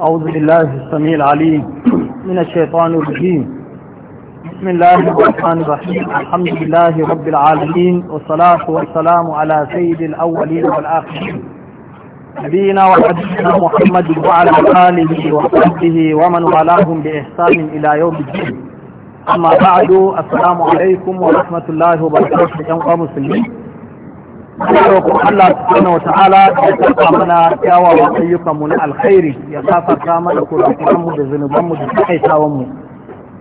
أعوذ بالله السميع العليم من الشيطان الرجيم بسم الله الرحمن الرحيم الحمد لله رب العالمين والصلاة والسلام على سيد الأولين والآخرين نبينا وحبيبنا محمد وعلى آله وصحبه ومن والاهم بإحسان إلى يوم الدين أما بعد السلام عليكم ورحمة الله وبركاته يا مسلمين roƙon Allah subhanahu wata'ala ya saka mana kyawawan ayyukan mu na alkhairi ya safarta mana kurakuran da zunubanmu da takaitawan mu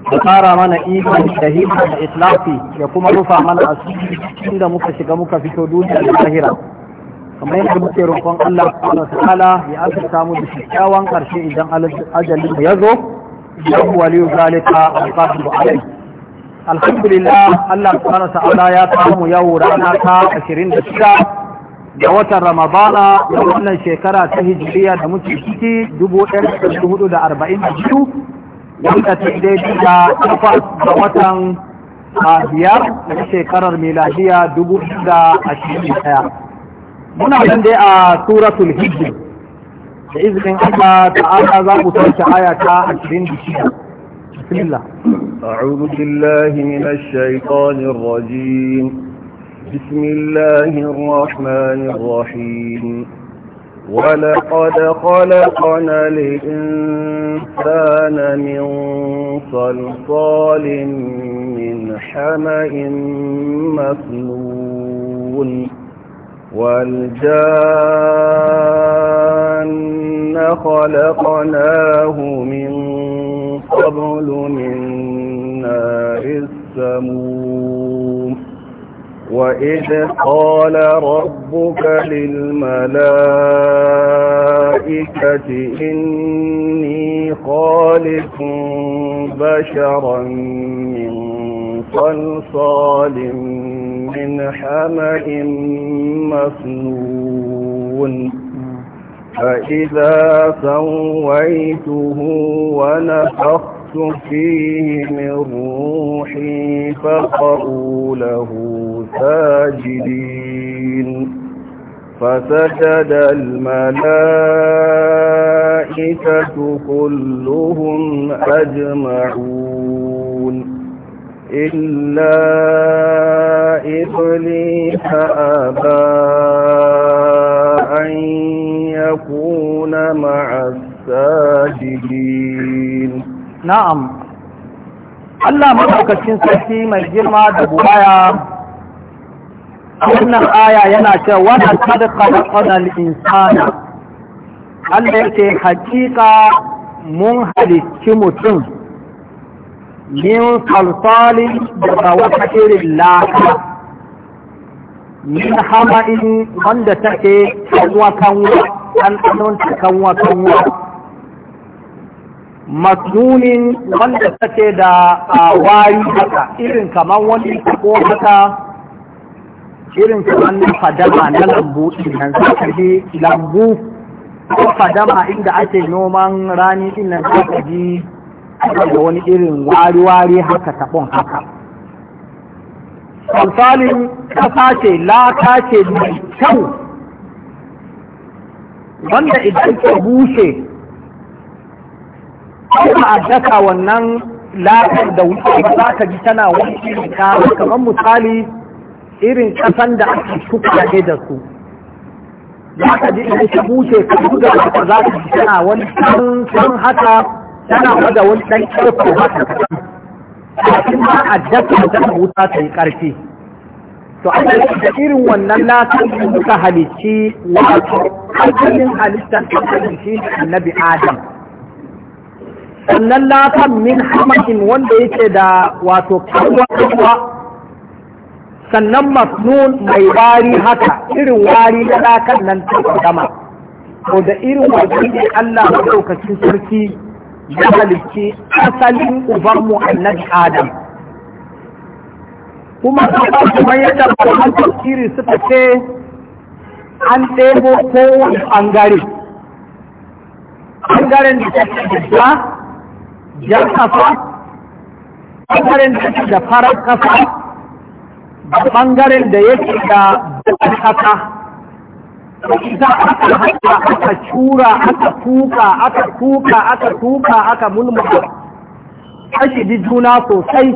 da mana ikon da hikma da islafi ya kuma rufa mana asiri inda muka shiga muka fito duniya da lahira kamar yadda muke roƙon Allah subhanahu wata'ala ya azurta mu da kyawawan karshe idan ajalinmu mu ya zo ya waliyu zalika alqadir alaihi alhamdulillah Allah subhanahu ta'ala ya samu yau rana ta 26 ga watan Ramadana da wannan shekara ta hijiriya da muke ciki 1442 wanda ta daidai da takwas ga watan biyar da shekarar miladiya 2021 muna nan dai a suratul hijr da izinin Allah ta'ala za mu tashi aya ta 26 بسم الله أعوذ بالله من الشيطان الرجيم بسم الله الرحمن الرحيم ولقد خلقنا الإنسان من صلصال من حمأ مسنون والجان خلقناه من قبل من نار السموم وإذ قال ربك للملائكة إني خالق بشرا من صلصال من حمأ مسنون فإذا سويته ونفخت نفخت فيه من روحي فقروا له ساجدين فسجد الملائكة كلهم أجمعون إلا إبليس أبى أن يكون مع الساجدين na'am Allah maɗaukacin sarki mai girma da buwaya wannan aya yana ce wani da kalakonar insana Allah yake hakika mun halicci mutum min salsalin daga wata irin laka min hama'in wanda take kanwa-kanwa ɗanɗanon ta kanwa-kanwa masnunin wanda take da wari haka irin kamar wani ko haka irin kamar na fadama na lambu nan saka ji lambu ko fadama inda ake noman rani nan saka ji da wani irin wari-wari haka tabon haka alfalin kasa ce laka ce mai kyau wanda idan ke bushe kuma a daka wannan lafiyar da wuce ba za ka ji tana wani Ka kamar misali irin kasan da ake shuka da su za ka ji in ta buce ka buga ka za ka ji tana wani sun haka tana wada wani dan karfa haka kafin ma a daka da wuta ta yi ƙarfi. to an da da irin wannan lafiyar da suka halicci wato hankalin halittar da halicci annabi adam sannan latan min hamakin wanda yake da wato karwa sannan masnun mai wari haka irin wari na lakan nan ta gama ko da irin wari ne Allah lokacin sarki ya halicci asalin ubanmu annabi Adam kuma kuma yadda malaman tafsiri suka ce an ɗebo kowane ɓangare ɓangaren da ta ce jan kasa ɓangaren da yake da farar kasa da ɓangaren da yake da bakar kasa ita aka haɗa aka cura aka tuka aka tuka aka tuka aka mulmuka kashi bi juna sosai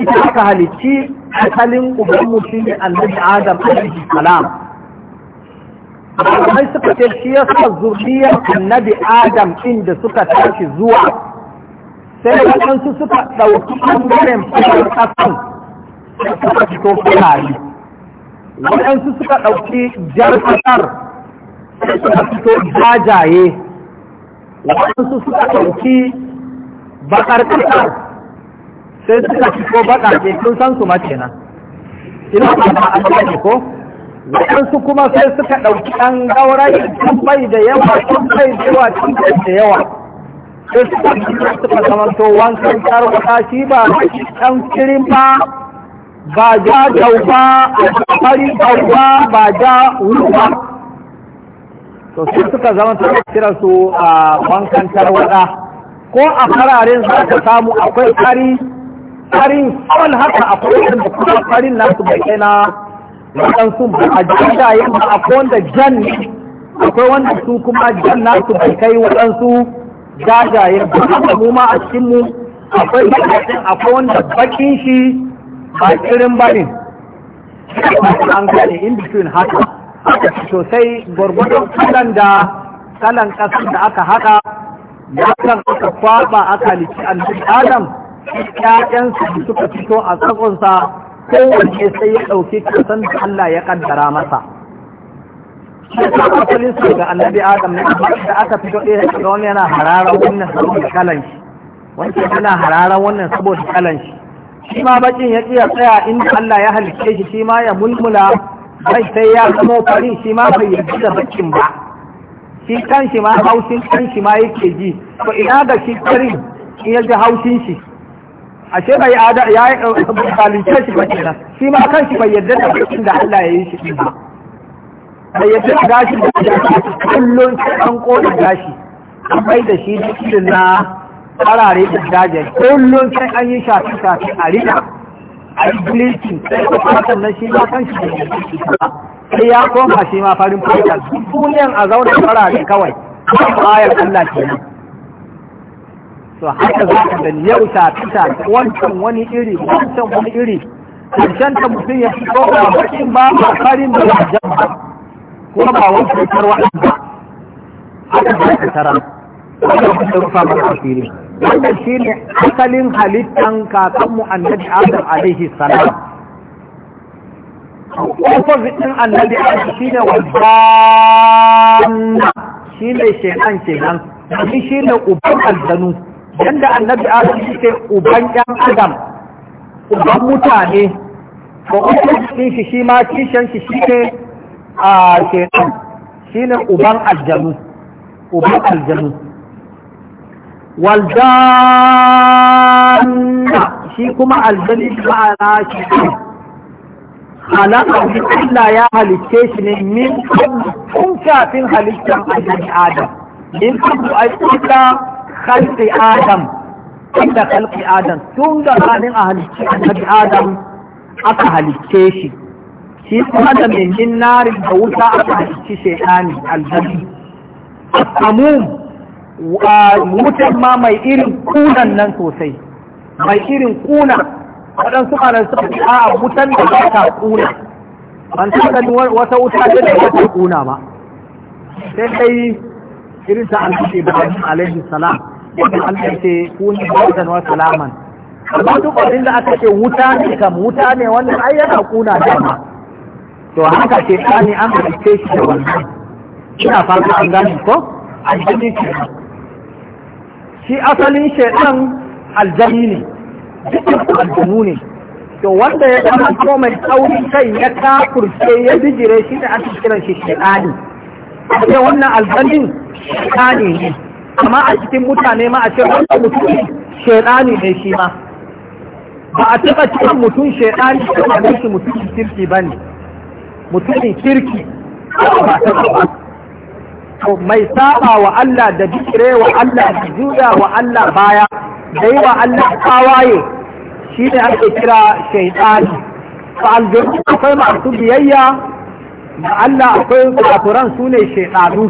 ita aka halicci asalin ubanmu shi ne annabi adam alaihi salam malamai suka ce shi ya sa zuriyar annabi adam inda suka tashi zuwa sai waɗansu suka ɗauki ɓangaren fitar ƙasan suka fito fulani waɗansu suka ɗauki jar ƙasar suka fito jajaye waɗansu suka ɗauki baƙar ƙasar sai suka fito baƙaƙe sun san su mace nan ina ba a ko waɗansu kuma sai suka ɗauki ɗan gaurayi can bai da yawa can bai da yawa can bai da yawa sai suka suka zamanto wankan wata shi ba ɗan kirin ba ba ja jau ba fari jau ba ba ja wuru ba to sai suka zamanto kira su a wankan wata ko a fararen za ka samu akwai fari farin kawai haka akwai wanda kuma farin nasu bai kai na waɗansu a jajayen ba akwai wanda jan akwai wanda su kuma jan nasu bai kai waɗansu jajayen ba haka mu ma a cikinmu akwai wanda bakin shi ba irin ba ne an gane in between haka sosai gwargwadon kalan da kalan da aka haɗa ya kan aka kwaba aka liki annabi adam ƴaƴansu suka fito a tsakonsa kowace sai ya ɗauki kasan da Allah ya kaddara masa shi ta asalin su ga annabi adam ne da aka fito ɗaya da wani yana hararar wannan saboda kalan shi wancan yana hararar wannan saboda kalan shi shi ma bakin ya ƙiya tsaya inda Allah ya halice shi shi ma ya mulmula bai sai ya zama fari shi ma bai yi da bakin ba shi kan shi ma haushin kan shi ma yake ji to ina ga shi farin shi ya ji haushin shi ashe bai ada ya yi kalice shi ba kenan shi ma kan shi bai yadda da cikin da Allah ya yi shi ba bai yadda da gashi da kullun shi an koda gashi an bai da shi cikin na farare da daje kullun sai an yi shafi shafi a rina a yi bleaching sai ko fatan nan shi ma kan shi bai yadda shi ba sai ya koma shi ma farin fata duniyan a zauna farare kawai ayar Allah kenan to haka za ka da yau ta fita wancan wani iri wancan wani iri karshen ta mutum ya fito ba bakin ba ba farin da ya jan ba kuma ba wani cutar wa'in ba haka za ka tara wanda kusa rufa mana fili wannan shi ne asalin halittan kakanmu annabi adam alaihi salam opposite din annabi adam shi ne wadda shi ne shekan kenan shi ne uban aljanu yanda annabi adam ke uban yan adam uban mutane ko cikin shi shi ma kishan shi shi ne a shekan shi ne uban aljanu uban aljanu waljanna shi kuma ma ma'ana shi halaka shi Allah ya halitte shi ne min tun shafin halittar annabi adam min tun ai ta. khalqi adam inda khalqi adam tun da halin a halicci annabi adam aka halicce shi shi kuma da min narin da wuta aka halicci shaytani aljabi amu wutan ma mai irin kunan nan sosai mai irin kuna waɗansu ƙarar suka fi a wutan da ba ta kuna ban taɓa wata wuta da ba ta kuna ba sai dai irin ta alhaji ibrahim alaihi salam wanda Allah ya ce kuni bardan wa salaman amma duk abin da aka ce wuta ne kam wuta ne wannan ai yana kuna ma, to haka ce tsani an halice shi da wannan ina fata an gani ko aljani ce shi asalin shaidan aljani ne dukkan aljanu ne to wanda ya zama ko mai tsauri kai ya kafurce ya bijire shi da ake kiran shi shaidani sai wannan aljanin shaidani ne amma a cikin mutane ma a ce wannan mutum shaidani ne shi ma ba a taɓa cikin mutum shaidani ba a mishi mutumin kirki ba ne mutumin kirki ba to mai saba wa Allah da bikire wa Allah da juya wa Allah baya da yi wa Allah tawaye shi ne ake kira shaidani to aljanu akwai masu biyayya da Allah akwai kafuran su ne shaidanu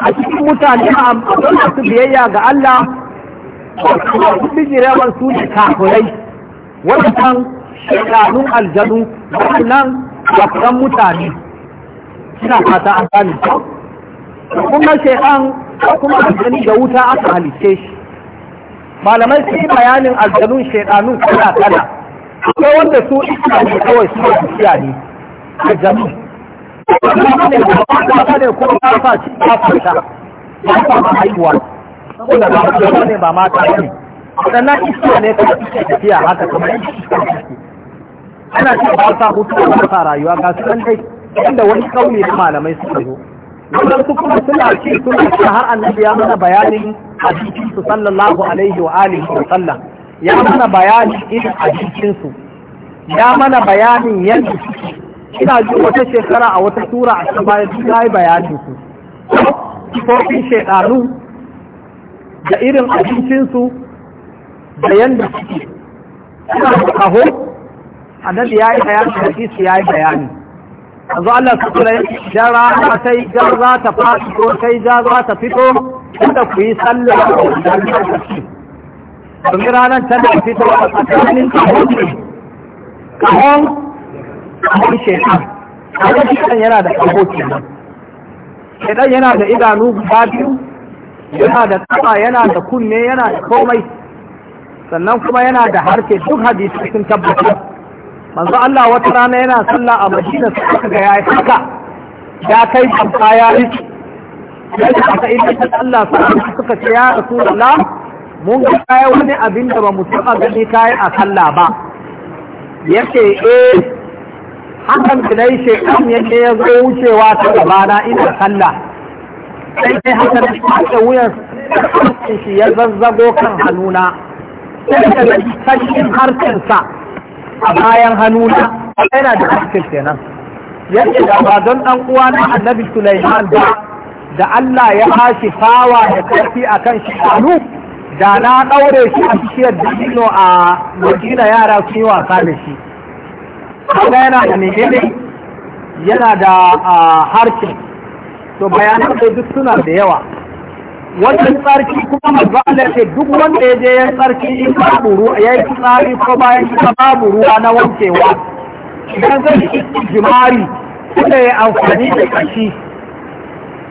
a cikin mutane a masu biyayya ga Allah su bijirewar su ne kafirai wadannan shekarun aljanu wadannan kafiran mutane suna fata an gane kuma shekan kuma aljani da wuta aka halice shi malamai su yi bayanin aljanun shekanun kala kala akwai wanda su ita ne kawai su ne tafiya ne ba ne kuma ta sa shi ta fata ba ta ba haihuwa saboda ba ta ne ba mata ne sannan iska ne ka iska tafiya haka kamar iska ana ce ba sa hutu ba sa rayuwa ga su dai inda wani kauli na malamai suka zo wannan su kuma suna ce suna ce har annabi ya mana bayanin hadisin su sallallahu alaihi wa alihi wa sallam ya mana bayanin irin hadisin su ya mana bayanin yadda suke ina ji wata shekara a wata tura a cikin bayan ta yi bayanin su kofin shekaru da irin abincinsu da yadda suke suna da kaho annabi ya yi bayani hadisi ya yi bayani yanzu Allah su kula idan rana ta yi jan za ta fito sai ta za ta fito inda ku yi sallah da wajen da su domin ranar da fito a tsakanin kahon kahon kamar shaitan kamar shaitan yana da kaho kenan shaitan yana da idanu guda biyu yana da tsaba yana da kunne yana da komai sannan kuma yana da harshe duk hadisi sun tabbata manzo Allah wata rana yana sallah a Madina su aka ga yayi haka ya kai kamfa ya rike sai aka da Allah sai suka ce ya Rasulullah mun ga kai wani abin da ba mu taba gani kai a sallah ba yace eh hakan da dai shekan yake ya zo wucewa ta gabana ina sallah sai dai hakan da wuyan shi ya zazzago kan hannuna sai da sakin harkinsa a bayan hannuna yana da harkin kenan yadda da ba don ɗan uwa na annabi Sulaiman ba da Allah ya hashi fawa da karfi akan shi hannu da na ɗaure shi a bishiyar dabino a Madina yara su yi wasa da shi kaga yana da menene yana da harshe to bayanan da duk suna da yawa wannan tsarki kuma manzo Allah ce duk wanda ya je ya tsarki in babu ruwa ya yi tsari ko bayan shi babu ruwa na wankewa idan zai yi jimari kada ya amfani da kashi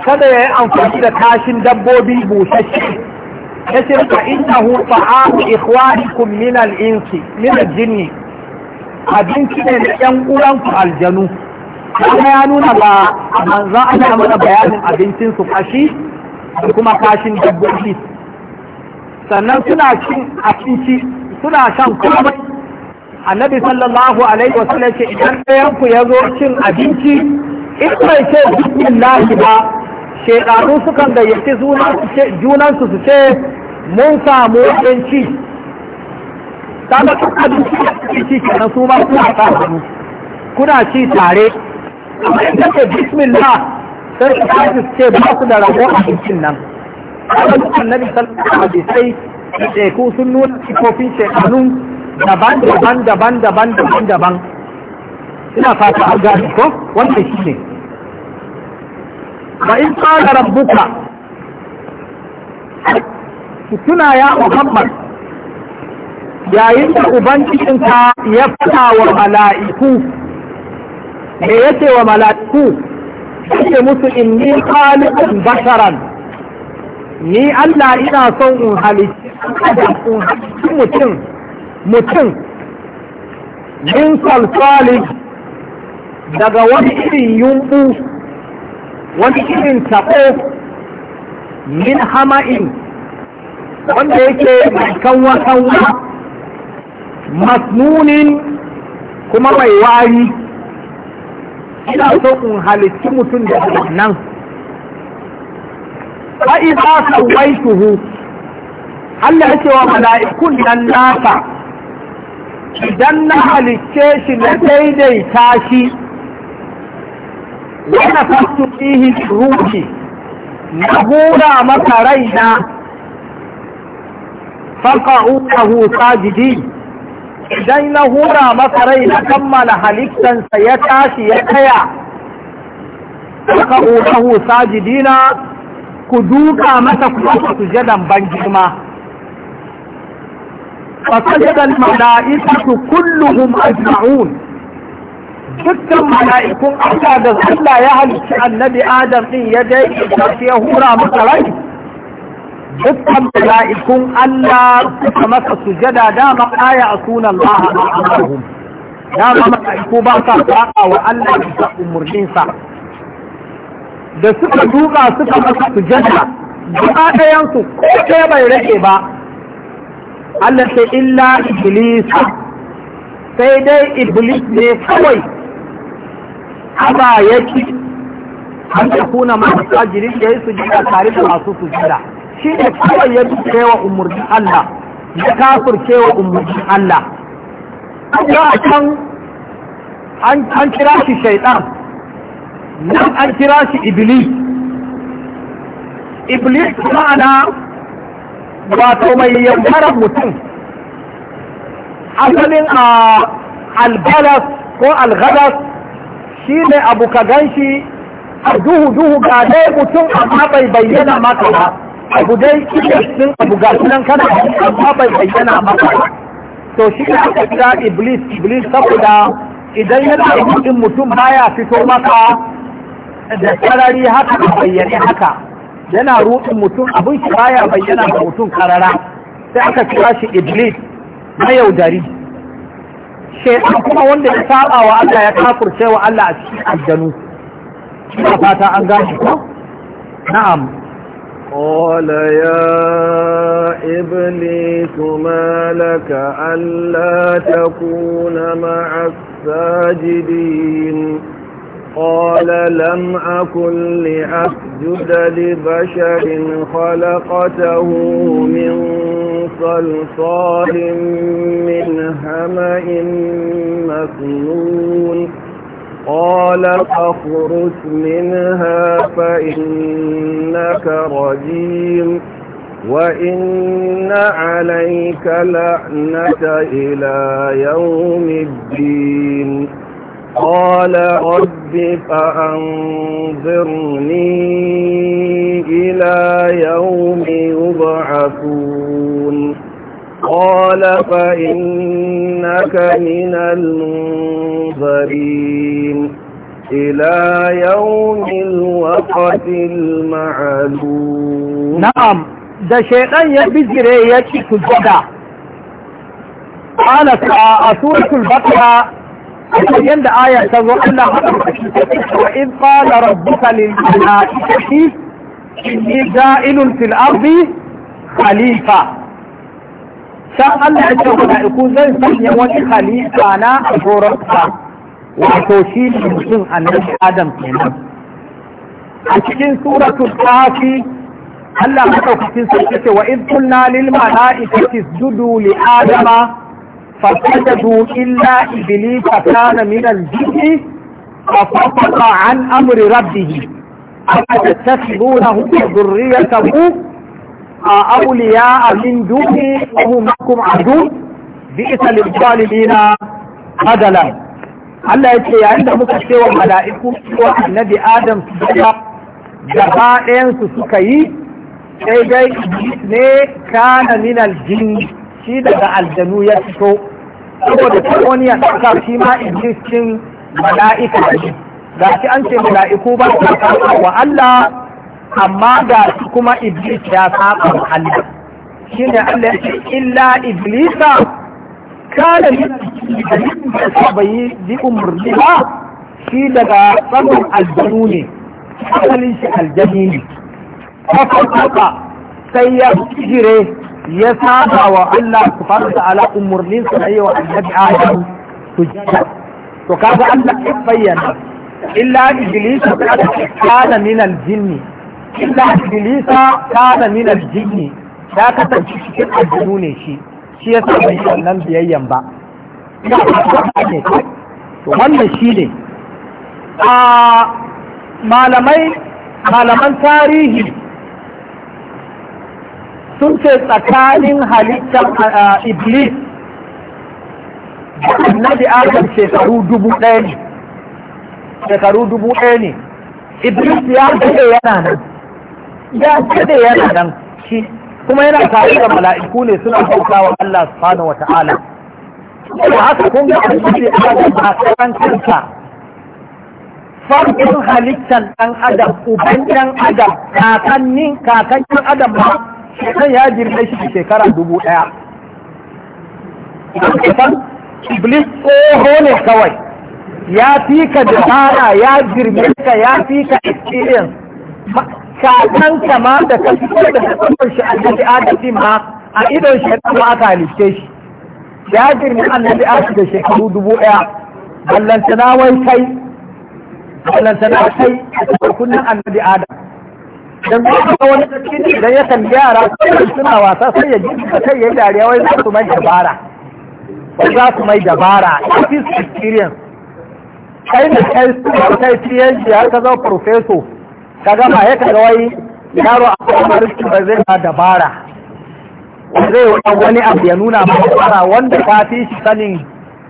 kada ya yi amfani da kashin dabbobi bushashe ya shirka fa innahu ta'amu ikhwanikum min al-insi min al abinci ne na yan uwanku aljanu kuma ya nuna ba a ana mana bayanin abincin su kashi da kuma kashin dabbobi sannan suna cin abinci suna shan komai annabi sallallahu alaihi wa sallam ce idan ɗayan ku zo cin abinci in bai ce bismillahi ba shedanu sukan gayyaci junansu su ce mun samu yanci kaga kun abinci da ci kenan su ma kuna ta hannu kuna ci tare amma in kace bismillah sai ka tashi ce ba su da rabo abincin nan kaga annabi sallallahu alaihi wasallam sai ku sun nuna kofin shekanun daban daban daban daban daban daban ina fata an gani ko wannan shi ne ba in qala rabbuka tuna ya muhammad yayin da ubangijinka ya fata wa mala'iku me ce wa mala'iku ce musu in ni halittun basharan ni Allah ina son in halittu mutum mutum min salsali daga wani irin yumbu wani irin taɓo min hama'in wanda yake mai kanwa kanwa masnunin kuma mai wari ina so in halicci mutum da nan fa'iza sawaituhu Allah ya wa mala'ikun nan nasa idan na halicce shi na daidai tashi, wani fasu fihi ruhi na hura masa raina faka'u lahu sajidin idan na hura masa rai na kammala halittansa ya tashi ya tsaya ka'u lahu sajidina ku duka masa kuma ku sujadan ban girma fa sajada al-mala'ikatu kulluhum ajma'un dukkan mala'ikun Allah da Allah ya halicci annabi Adam din ya dai ya hura masa rai dukkan mala'ikun Allah suka masa sujada dama aya a sunan Allah a Allahum dama mala'iku ba sa saka wa Allah bisa umarninsa da suka duka suka masa sujada gaba ɗayansu ko ɗaya bai rage ba Allah sai illa iblisa sai dai iblis ne kawai haba yake an yakuna masu ajirin da ya sujada tare da masu sujada shi ne kawai ya duke wa Allah ya kafirce wa Allah ga a can an kira shi shaidan nan an kira shi iblis iblis ma'ana wato mai yankaran mutum asalin a albalas ko algadas shi ne abu ka gan shi a duhu duhu ga dai mutum amma bai bayyana maka ba abu dai kike sun abu ga sunan kana ba bai bayyana maka to shi ne aka kira iblis iblis saboda idan yana rubutun mutum baya fito maka da karari haka da bayyane haka yana rubutun mutum abin shi baya bayyana ga mutum karara sai aka kira shi iblis na yaudari shaitan kuma wanda ya saba wa Allah ya kafurce wa Allah a cikin aljanu ina fata an gane ko na'am قال يا إبليس ما لك ألا تكون مع الساجدين قال لم أكن لأسجد لبشر خلقته من صلصال من همأ مسنون قال فاخرج منها فإنك رجيم وإن عليك لعنة إلى يوم الدين قال رب فأنظرني إلى يوم يبعثون قال فإنك من المنظرين إلى يوم الوقت المعلوم نعم ده شيطان يبزري يشك الجدع قال سورة البقرة عند آية تقول لها وإذ قال ربك للملائكة إني جائل في الأرض خليفة san Allah ya ce mala'iku zan sanya wani halitta na a wato shi ne mutum annabi Adam kenan a cikin suratul kafi Allah madaukakin sun ce wa in kunna lil mala'ikati isjudu li adama fasajadu illa iblisa kana min al-jinni ففقط عن أمر ربه أفتتخذونه وذريته أولياء من دونه وهم لكم عدو بئس للظالمين بدلا Allah ya ce yayin da muka ce wa mala'iku ko annabi Adam su da gaba ɗayansu suka yi sai dai ne kana min aljin shi daga aljanu ya fito saboda ta wani ya ɗauka shi ma iblis mala'ika ga shi an ce mala'iku ba su wa Allah amma ga kuma iblis ya saba Allah shine Allah ya illa iblisa kana da bai bi umarni ba shi daga tsabon aljanu ne asalin shi aljani ne kafa sai ya jire ya saba wa Allah subhanahu wa ta'ala umurnin na yayi wa annabi Adam sujjada to kaga Allah ya bayyana illa iblis kana min aljinni illa iblisa kana min aljinni ya kasance cikin aljinu ne shi shi yasa bai wannan biyayyan ba to wannan shi ne a malamai malaman tarihi sun ce tsakanin halittar iblis da bi adam shekaru dubu ɗaya ne shekaru dubu ɗaya ne iblis ya ce yana nan ya kade yana nan shi kuma yana tare da mala'iku ne suna bauta wa Allah subhanahu wa ta'ala da haka kun ga annabi Adam ba kan kansa farkon halittar ɗan adam uban ɗan adam kakannin kakannin adam ba shekan ya girme shi shekara dubu ɗaya iblis tsoho ne kawai ya fi ka dabara ya girme ka ya fi ka experience kakan kama da ka fito da hukumar shi annabi adam ma a idon shi kuma aka halice shi ya girma annabi adam da shekaru dubu ɗaya ballantana wai kai ballantana kai a cikin kunnan annabi adam dan ba ka wani cikin idan ya kalli yara suna wasa sai ya ji ka kai ya dariya wai za su mai dabara wai za su mai dabara it is experience kai da kai su kai PhD har ka zama professor ka gama ya kaga wai yaro a kuma rikin ba zai ba dabara zai wani wani abu ya nuna ba. dabara wanda ka fi shi sanin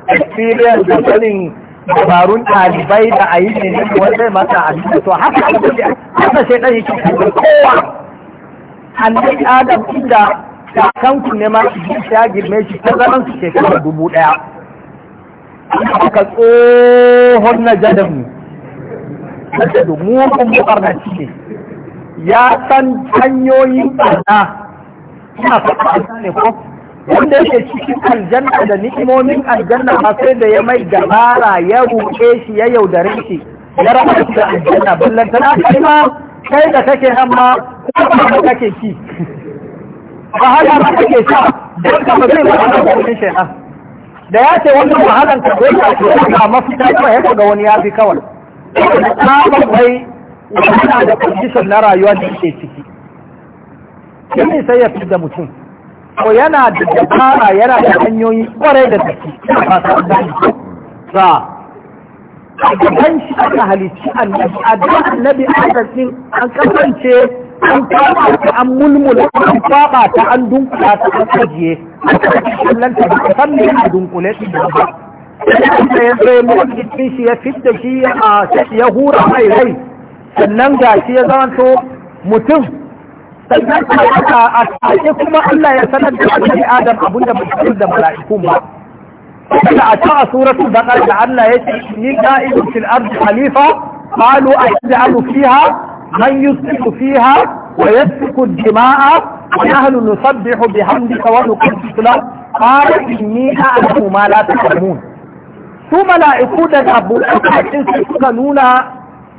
experience da sanin dabarun ɗalibai da a yi ne wani zai masa cikin to haka haka sai ɗan yake kuma kowa hannun adam inda kakanku ne ma ya girme shi ta tazaran su shekara dubu ɗaya aka tsohon na jadamu da mugun mabarnaci ne ya san hanyoyin barna ina fata ne ko wanda yake cikin aljanna da ni'imomin aljanna ba sai da ya mai gabara ya ruke shi ya yaudare shi ya raba shi da aljanna ballan ta kai ma kai da kake nan ma kuma ba kake ki ba haka ba kake sha don ka ba zai ba da wannan da ya ce wannan ko ka dole ka ga mafita ko ya ga wani ya fi kawai tsabar wai yana da condition na rayuwa da ke ciki shi sai ya fi da mutum ko yana da dabara yana da hanyoyi kwarai da tafi ba ta gani za a gaban shi aka halicci annabi a da annabi aka cin an kasance an kama ta an mulmula an kwaba ta an dunkula ta an ajiye aka kasance lanta da san ne a dunkule su da ba ya tsaye mawajin shi ya fidda shi ya hura mai rai sannan ga shi ya zanto mutum sannan a take kuma Allah ya sanar da annabi Adam abinda bai sanar da mala'ikun ba saboda a ta suratul baqara da Allah ya ce ni qa'idun fil ardi khalifa qalu aj'alu fiha man yusfiku fiha wa yasfiku dima'a ونحن نسبح بحمدك ونقدس لك قال إني أعلم ما لا تعلمون su mala'iku da abulakacin su suka nuna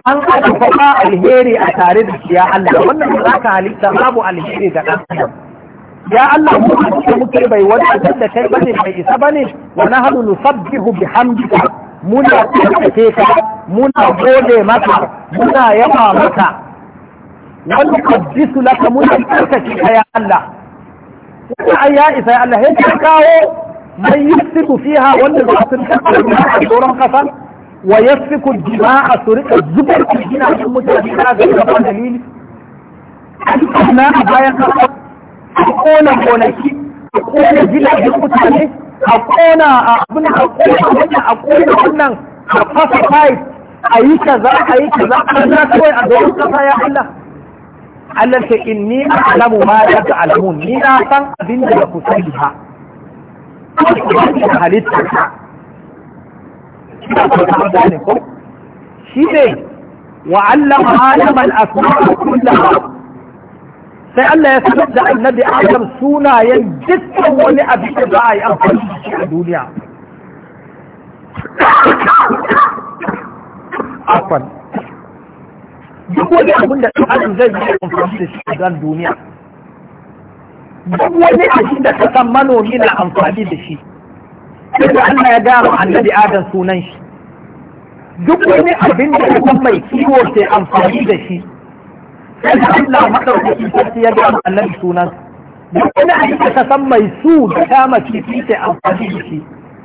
an aka faɗa alheri a tare da ya Allah wannan da za ka halitta babu alheri ga ɗan adam ya Allah mu da muke bai wani da kai bane mai isa bane wa nahnu nusabbihu bihamdika muna tsarkake ka muna gode maka muna yaba maka wani kaddisu laka muna tsarkake ka ya Allah Wani ai ya isa ya Allah ya kawo man yufsiku fiha wanda za su rika a doron kasa wa yasfiku dima'a su rika zubar da gidajen mutane na ga gaban dalili na a bayan kasa a kona gonaki a kona gidajen mutane a kona a abin a kona wannan a kona wannan a fasa pipe a yi kaza a yi kaza na a ya Allah inni a'lamu ma da ta'lamun ni na san abin da ku ba halittarsa shi ne wa allama adaman asma'a kullaha sai Allah ya sanar da annabi Adam sunayen dukkan wani abu da za a yi amfani da shi a duniya afan duk wani abin da ɗan adam zai yi amfani da shi a duniya duk wani abin da ka san manomi na amfani da shi sai Allah ya gama annabi adam sunan shi duk wani abin da ka san mai kiwo ke amfani da shi sai Allah madaukakin sarki ya gama annabi sunan duk wani abin da ka san mai su da kama kifi ke amfani da shi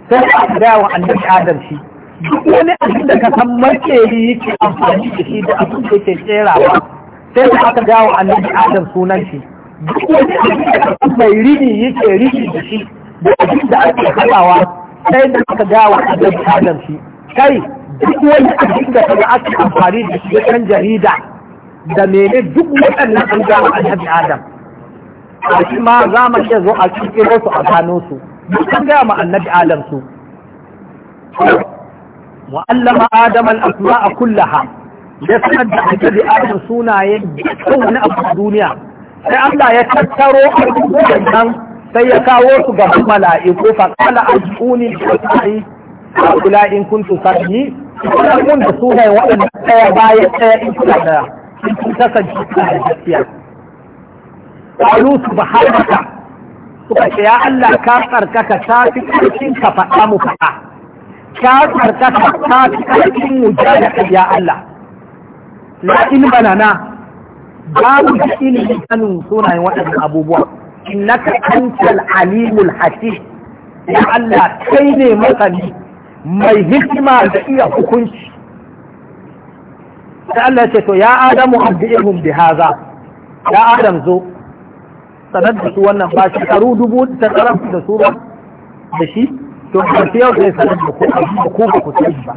sai Allah ya wa annabi adam shi duk wani abin da ka san makeri yake amfani da shi da abin da yake kerawa sai aka gawo annabi adam sunan shi duk wani abin mai rini yake rini da shi da abin da ake kasawa sai da aka gawa a da adam shi kai duk wani abin da kaga ake amfani da shi kan jarida da mene duk waɗannan an gawa a da adam a shi ma za mu iya zo a kirkiro su a gano su duk an gawa annabi adam su wa'allama adam al-asma'a kullaha ya sanar da annabi adam sunayen dukkan wani abu a duniya sai Allah ya tattaro abubuwan nan sai ya kawo su ga mala'iku fa qala ajuni bi kula in kuntu sarni kuma mun da su ne waɗanda ɗaya baya ɗaya in kula da in kun kasance kuna da gaskiya qalu subhanaka suka ce ya Allah ka tsarkaka ta fi karfin ka faɗa mu faɗa ka tsarkaka ta fi karfin mu ja da ya Allah la ilma lana babu da ilimi sanin sunayen waɗannan abubuwa innaka antal alimul hakim ya Allah kai ne masani mai hikima da iya hukunci sai Allah ce to ya adamu abdi'ihum bi haza ya adam zo sanar da su wannan ba shi shekaru dubu ta tsarafi da su ba da shi to ba su yau sai sanar da ku ba ku ba ku sai ba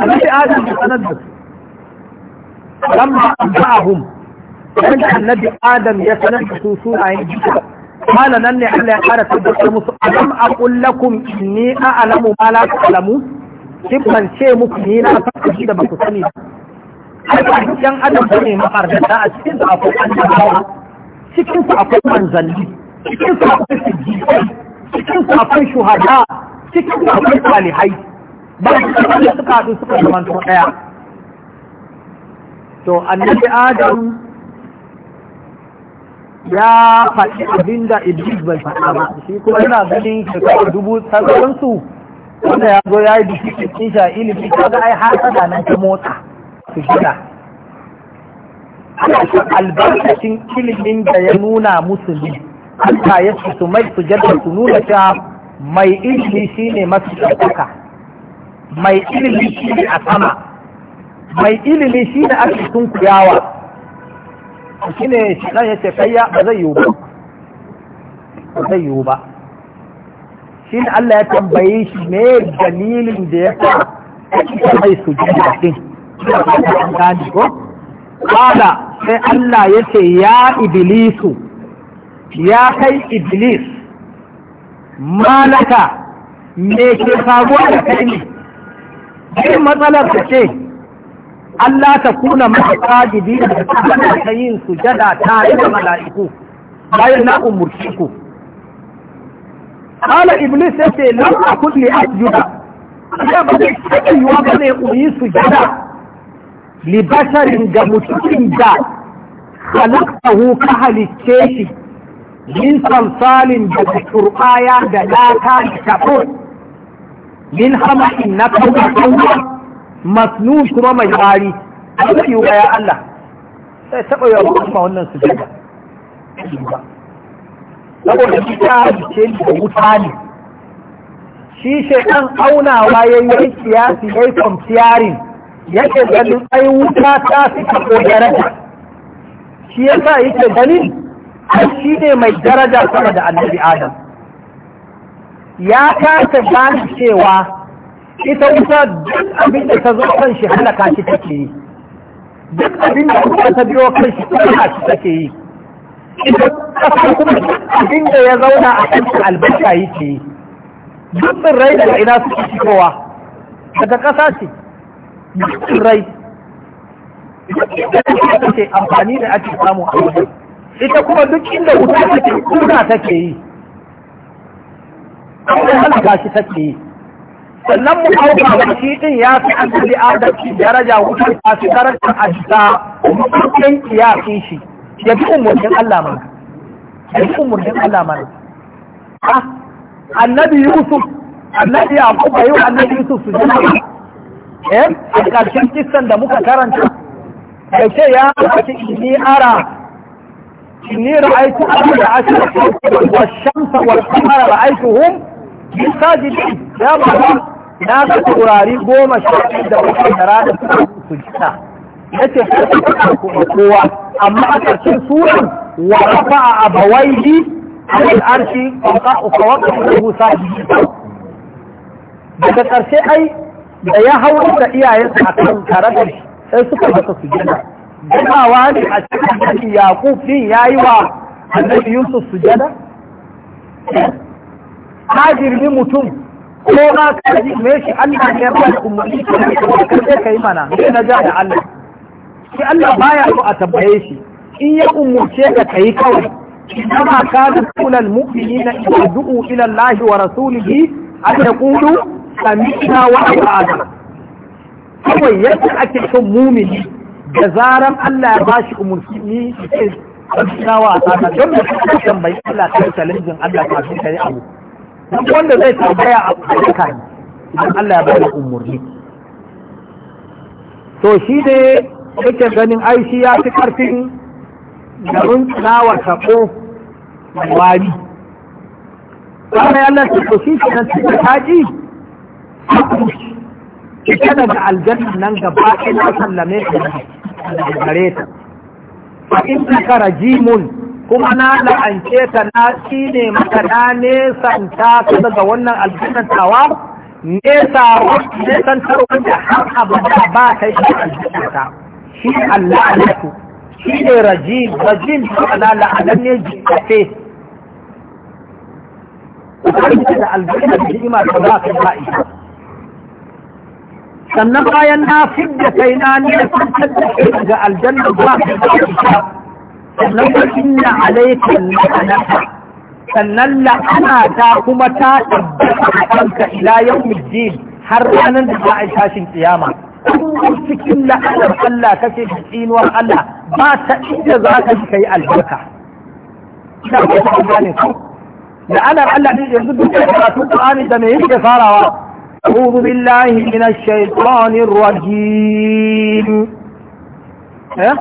Allah ya adam sanar da su لما أبعهم عند النبي adam ya sanar da su sunayen jika nan ne Allah ya fara tabbatar musu alam aqul lakum inni a'lamu ma la ta'lamu ce muku ni na da ba sani ba haka yan adam ba ne mafarkata a cikin su akwai annabawa cikin su akwai manzanni cikin su akwai siddiqai cikin su akwai shuhada cikin su akwai salihai ba su suka haɗu suka zama ɗaya to annabi adam ya faɗi abin da iblis bai faɗa ba shi kuma yana ganin shekaru dubu tsakarin su wanda ya zo ya yi biki kisha ilimi ta ga ai hasada nan ta motsa su shida albarkacin ilimin da ya nuna Musulmi, ne Allah ya su mai su jadda su nuna cewa mai ilimi shi ne mafi ɗaukaka mai ilimi ne a sama mai ilimi shi ne ake sunkuyawa shi ne shi ya ce kayya ba zai yiwu ba ba zai yiwu ba shi ne Allah ya tambaye shi ne dalilin da ya sa ita mai su jira din gani ko kala sai Allah ya ce ya iblisu ya kai iblis malaka me ke faruwa da kai ne matsalar ka ce Allah ta kuna mata biyu da ta ta yin sujada tare da mala'iku bayan na umurci ku Kala Iblis ya ce lam akun li asjuda ya ba zai taɓa yiwa ba ne uyi sujada li basharin ga mutumin da khalaqtahu ka halicce shi min salsalin da turbaya da laka da tabo min hamahin na kawo masnu kuma mai hari a zai yi ya Allah sai taɓa yi wa kuma wannan su jada saboda shi ta halice ni da wuta ne shi shaidan aunawa ya yi siyasi ya yi kwamfiyarin yake ganin ai wuta ta fi kako daraja shi ya sa yake ganin a shi ne mai daraja sama da annabi adam ya kasa gane cewa ita wuta duk abin da ta zo kan shi halaka shi take yi duk abin da wuta ta biyo kan shi halaka shi take yi ita kasa kuma abin da ya zauna a kan albarka yake yi duk tsirrai daga ina suke shigowa daga kasa ce duk tsirrai ita ce amfani da ake samu a wajen ita kuma duk inda wuta take kuna take yi. Allah halaka shi take yi. sannan mu auka ba shi din ya fi an tabi adalci daraja wutar masu a shiga mutum fi shi ya fi Allah mana ya fi Allah mana annabi Yusuf annabi ya Yaqub ayu annabi Yusuf su jira eh a karshen kistan da muka karanta sai ce ya fi ni ara ni ra'aytu abin da ashara wa shamsa wal qamara ra'aytuhum bisajidin ya ba na ga turari goma sha biyu da wata tara da suka sujjata ya ce kuma kowa amma a ƙarshen suran wa rafa a Abawai abawaihi a wani arshi ƙwaƙa uka waƙa da husa daga ƙarshe ai da ya hau da iyayensa a kan tare da shi sai suka masa sujjata gamawa ne a cikin annabi yaƙub din ya yi wa annabi yusuf sujjada ta jirgi mutum ko ba ka ji me shi Allah ya ba da umarni ka kai mana ne na ja da Allah shi Allah baya so a tabbaye shi in ya umurce ka kai kawai kama da kulal mu'minina yad'u ila Allah wa rasulihi an yaqulu sami'na wa ata'na kawai yadda ake son mumini da zaran Allah ya bashi ni sai sami'na wa ata'na don da tambayi Allah ta talibin Allah kafin kai abu duk wanda zai tambaya a kuka ne idan Allah ya bada umurni to shi ne yake ganin ai shi ya fi karfin da runtunawa tako mai wari kana ya ta to shi nan ta taji ita daga aljanna nan gaba ina sallame ta gare ta fa ka rajimun kuma na la'ance ta na ne maka na nesanta ta daga wannan aljannatawa nesa nesantar wanda har abada ba kai shi aljannata shi Allah alaiku shi ne rajim rajim shi ala la'adan ne jikafe ubangiji da aljanna da ni'ima da ba ka ba ita sannan bayan na fidda kai na ne da kai daga aljanna ba ka ba ita sannan ba inna alaikan la'anata sannan la'ana ta kuma ta tabbata a kanka ila yawmiddin har ranar da za a yi tashin tsiyama cikin la'anar Allah kake da tsinuwar Allah ba ta inda za ka ji kai albarka ina ba ta gane ku la'anar Allah din yanzu duk da karatu Qur'ani da me yake farawa أعوذ بالله من الشيطان الرجيم ها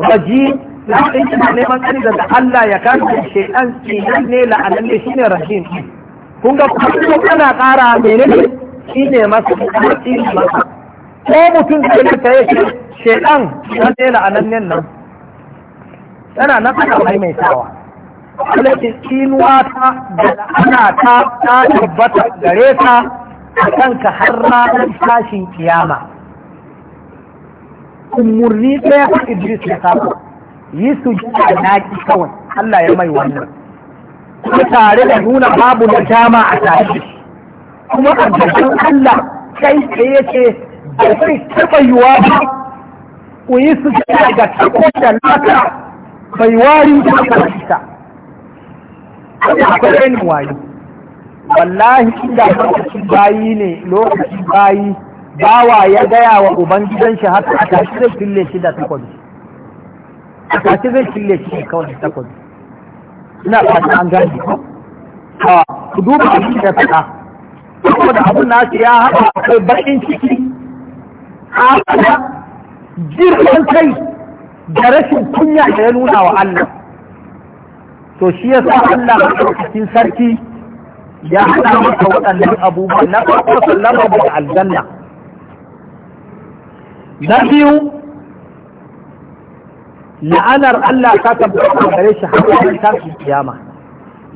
رجيم da haka in kina neman tsari da Allah ya kare shaytan tsinan ne la'anan ne shine rahim kun ga kuma kana kara menene shine masa kuma tsiri masa ko mutum zai ta yake shaytan tsinan ne la'anan nan Tana nan yana mai ana maimaitawa alaƙi tsinuwa ta da ana ta ta tabbata gare ta a kanka har ranar tashin kiyama umarni ɗaya har Idris ya saba yi su da naki kawai Allah ya mai wannan kuma tare da nuna babu da dama a tare kuma a gaban Allah kai yi ce da sai taɓa yiwa ba ku yi su da ga da naka bai wari da aka a kwaye ni wayo wallahi inda lokaci bayi ne lokacin bayi bawa ya gaya wa ubangidan shi haka a tashi da fille shi da takwabi a zai kille shi kawai da takwas ina fata an gane a ku duba abin da kuma da abin na ya haɗa akwai baƙin ciki a haɗa jirgin kai da rashin kunya da ya nuna wa Allah to shi ya sa Allah a cikin sarki ya haɗa masa waɗannan abubuwan na ƙasar sallama da aljanna na biyu la'anar Allah ta tabbata gare shi har ta kiyama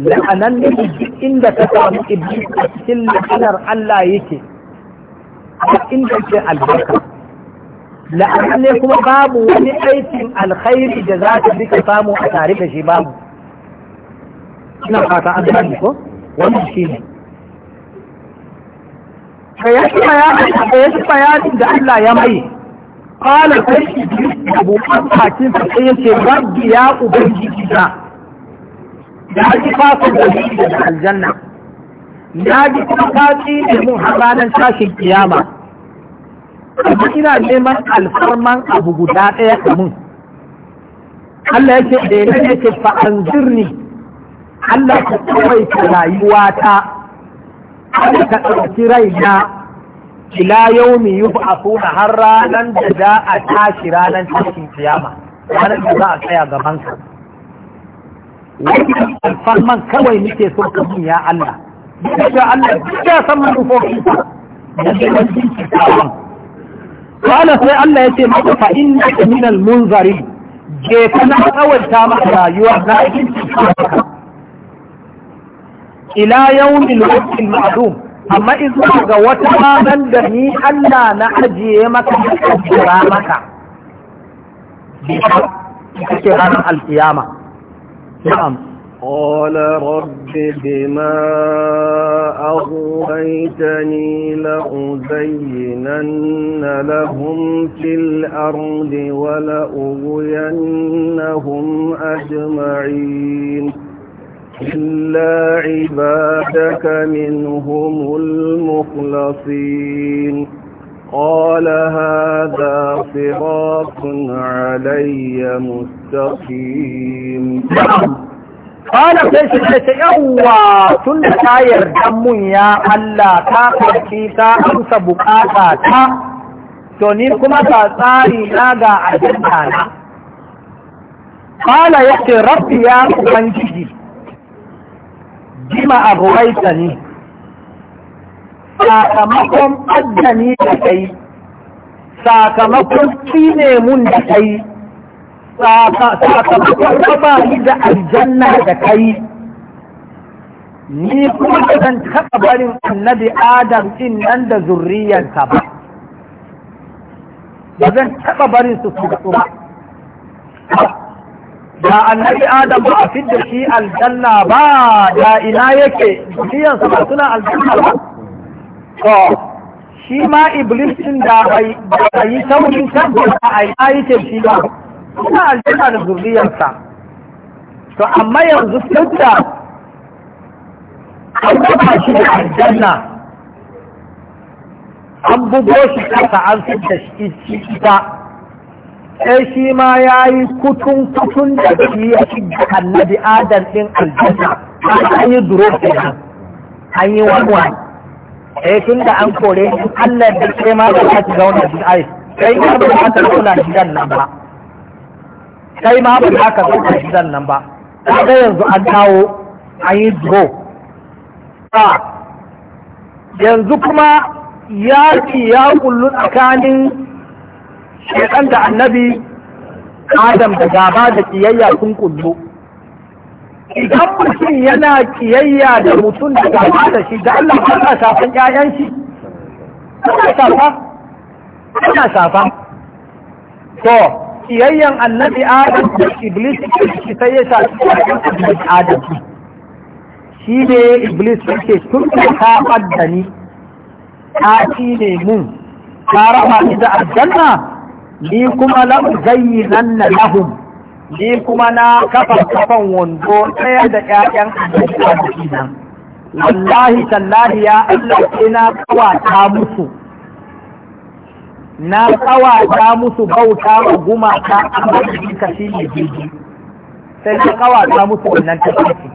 la'anan ne duk inda ta samu iblis a cikin la'anar Allah yake a inda ke albarka la'anan ne kuma babu wani aikin alkhairi da za ta rika samu a tare da shi babu ina fata an gani ko wani shi ne ka yaki bayanin da Allah ya mai kala sai iblis da bukan bakin sa sai yace rabbi ya ubangiji da ya ji fasa da ni da aljanna ya ji kuma kaci da mun hazanan tashin kiyama Kuma ina neman alfarman abu guda ɗaya kamun. mun Allah yake da yana yake fa Allah ka kawai ta rayuwata Allah ka ɗauki raina ila yaumi yub'athuna har ranan da za a tashi ranan tashin kiyama ranan da za a tsaya gaban ka wannan alfarman kawai muke so ka ya Allah da Allah ya san mun fofi da wannan kiyama qala sai Allah yace maka fa innaka min al-munzari je kana kawanta maka rayuwa na cikin ila amma in zuwa ga wata ranar da ni Allah na ajiye maka da kira maka ita ce ranar alkiyama na'am قال رب بما أغويتني لأزينن لهم في الأرض ولأغوينهم أجمعين إلا عبادك منهم المخلصين قال هذا صراط علي مستقيم قال sai shi ce yawwa tun ta yarda mun ya Allah ta karki ta amsa bukata to ni kuma ta tsari rabbi ya ubangiji bima abuwaita ni sakamakon addani da kai sakamakon cine mun da kai sakamakon raba da aljanna da kai ni kuma da zan taɓa barin annabi adam din nan da zurriyarsa ba ba zan taɓa barin su su ba da annabi adam ba a fidda shi aljanna ba da ina yake biyansa ba suna aljanna ba to shi ma iblis din da bai da yi saurin tabbata a shi ba suna aljanna da zuriyarsa to amma yanzu tunda an taba shi da aljanna an bugo shi kasa an fidda shi ita sai shi ma ya yi kutun kutun da shi ya ci annabi adam ɗin aljanna an yi duro kenan an yi wani sai eh, tun da an kore Allah da sai ma ba ta zauna da ai sai ma ba ta zauna gidan nan ba sai ma ba ta zauna gidan nan ba kaga yanzu an kawo an yi duro yanzu kuma ya ci ya kullu tsakanin shekan da annabi adam da gaba da kiyayya sun kullu idan mutum yana kiyayya da mutum da gaba da shi da Allah ba ta shafan ƴaƴan shi ana safa. ana safa to kiyayyan annabi adam da iblis shi sai ya shafi annabi adam shi ne iblis yake tun ta ka ni? ka ne mun ka raba ni da aljanna ni kuma la zayyinan na lahum ni kuma na kafa kafan wando ɗaya da ƴaƴan da nan wallahi tallahi ya Allah ina kawata musu na kawata musu bauta wa gumaka a ka shi ne jirgi sai na kawata musu wannan tafiye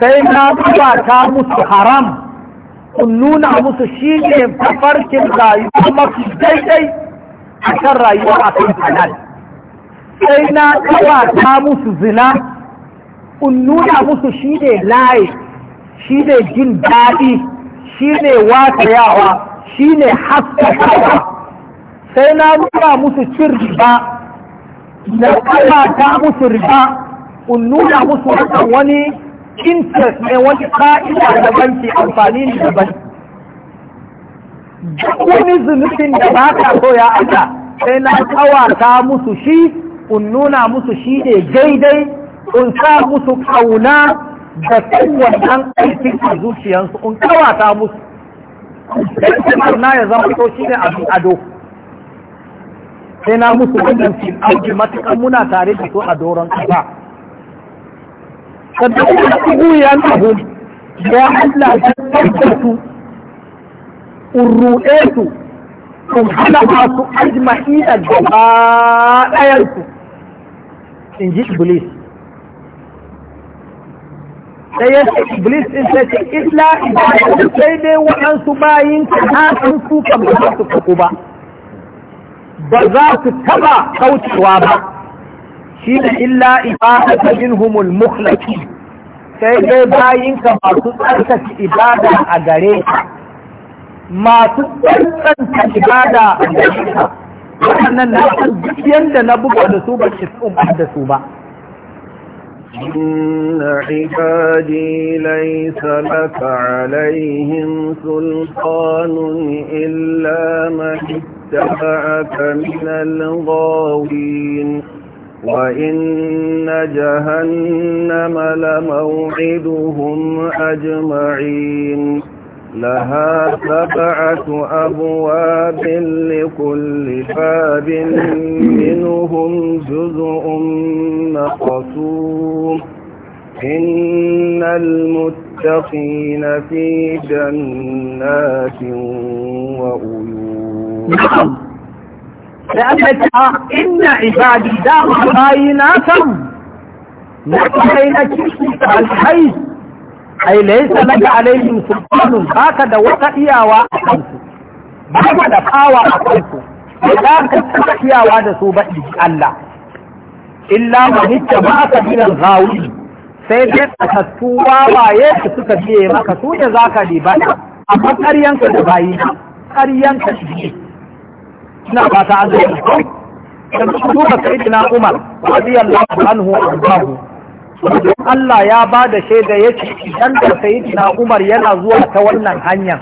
sai na kawata musu haram kun nuna musu shi ne tafarkin rayuwa mafi daidai a kan rayuwa a kan halal sai na kawata musu zina in nuna musu shi ne layi shi ne jin daɗi shi ne watayawa shi ne haskakawa sai na nuna musu cin riba na kawata musu riba in nuna musu wani interest ne wani ka'ida da banki amfani da banki duk wani zunubin da ba ka so ya aka sai na kawata musu shi in nuna musu shi ne daidai in sa musu kauna da kan wannan aikin a zuciyarsu in kawata musu sai na ya zama to shi ne abin ado sai na musu wannan auki matukan muna tare da su a doron kafa sannan kuma su abu ya Allah ya tabbatu Kuruɗe su in hana masu ajma'ina gaba ɗayarsu. in ji iblis sai ya ce iblis in sai ce isla sai dai waɗansu bayin ka san su kan ba su kaku ba ba za su taɓa kaucewa ba shi da illa ibadata minhumul mukhlaqin sai dai bayin ka masu tsarkake ibada a gare ka masu tsantsanta ibada a jikinka waɗannan na san duk yadda na buga da su ba ki tsumbar da su ba إن عبادي ليس لك عليهم سلطان إلا من اتبعك من الغاوين وإن جهنم لموعدهم أجمعين لها سبعة أبواب لكل باب منهم جزء مقصوم إن المتقين في جنات وعيون نعم. لأنك إن عبادي دار بايناتهم نحن بينك الحيث ai laisa laka alaihim sultanun baka da wata iyawa a kansu baka da fawa a kansu ba za ka taba iyawa da su ba in Allah illa ma hitta ba ka gidan gawi sai dai kasattu wawaye yake suka biye maka su ne za ka libata amma ƙaryanka da bayi ƙaryanka shi ina fata an zai da su ka dina umar radiyallahu anhu wa Allah ya ba da shaida ya ce idan da na Umar yana zuwa ta wannan hanya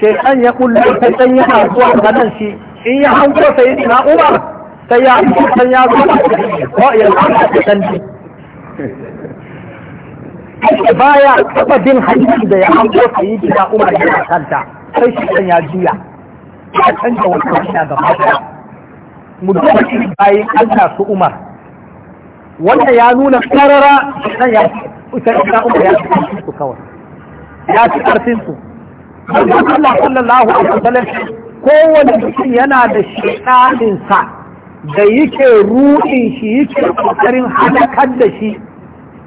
shaitan ya kulle ta san yana zuwa ta nan shi in ya hango na Umar sai ya san ya zo ko ya san san ba baya taba bin hanyar da ya hango na Umar yana kanta sai shaitan ya juya ya canza wata hanya gaba ɗaya mu duba bayan Allah su Umar wanda ya nuna karara nan ya ita ita umma ya su kawai ya ci karfin su Allah sallallahu alaihi wasallam kowane mutum yana da shaytanin sa da yake ruɗin shi yake kokarin halakar da shi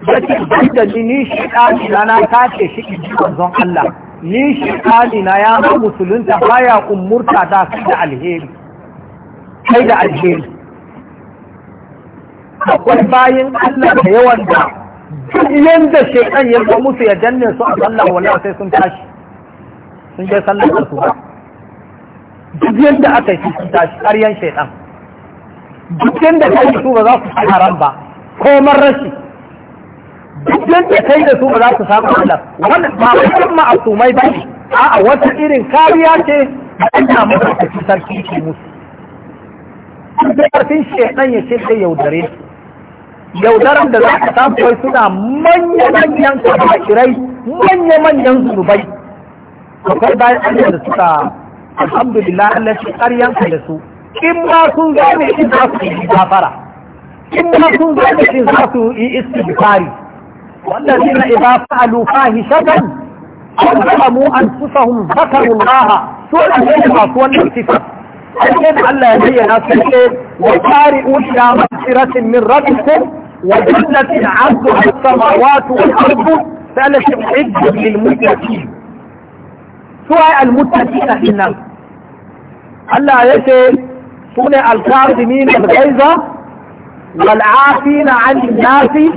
yake da ni shaytani na na tace shi in ji Allah ni shaytani na ya musulunta baya umurta ta da alheri kai da alheri akwai bayin Allah da yawan da yanda shekan ya zo musu ya danne su a sallah wallahi sai sun tashi sun je sallah da su ba duk yadda aka yi sun tashi ƙaryan shekan duk yadda kai da su ba za su san haram ba komar rashi duk yadda kai da su ba za su samu Allah wannan ba wani ma'asumai ba ne a'a wata irin kariya ce da Allah mutum sarki ke musu. ƙarfin shekan ya ce sai yaudare su. yaudaran da za a samu suna manya-manyan kabakirai manya-manyan zunubai akwai bayan Allah da suka alhamdulillah Allah shi yanka da su in ma sun gane in za su yi gafara in ma sun gane in za su yi istighfari wannan shi na idza fa'alu fahishatan an zalamu anfusahum zakaru Allah su ne masu wannan sifar على هي ناس الحين وقارئوا إلى مغفرة من ربكم وجنة عرضها السماوات والأرض ثلاث عدة للمتقين سواء المتقين إنهم على يبين سنة الكاظمين الغيظة والعافين عن الناس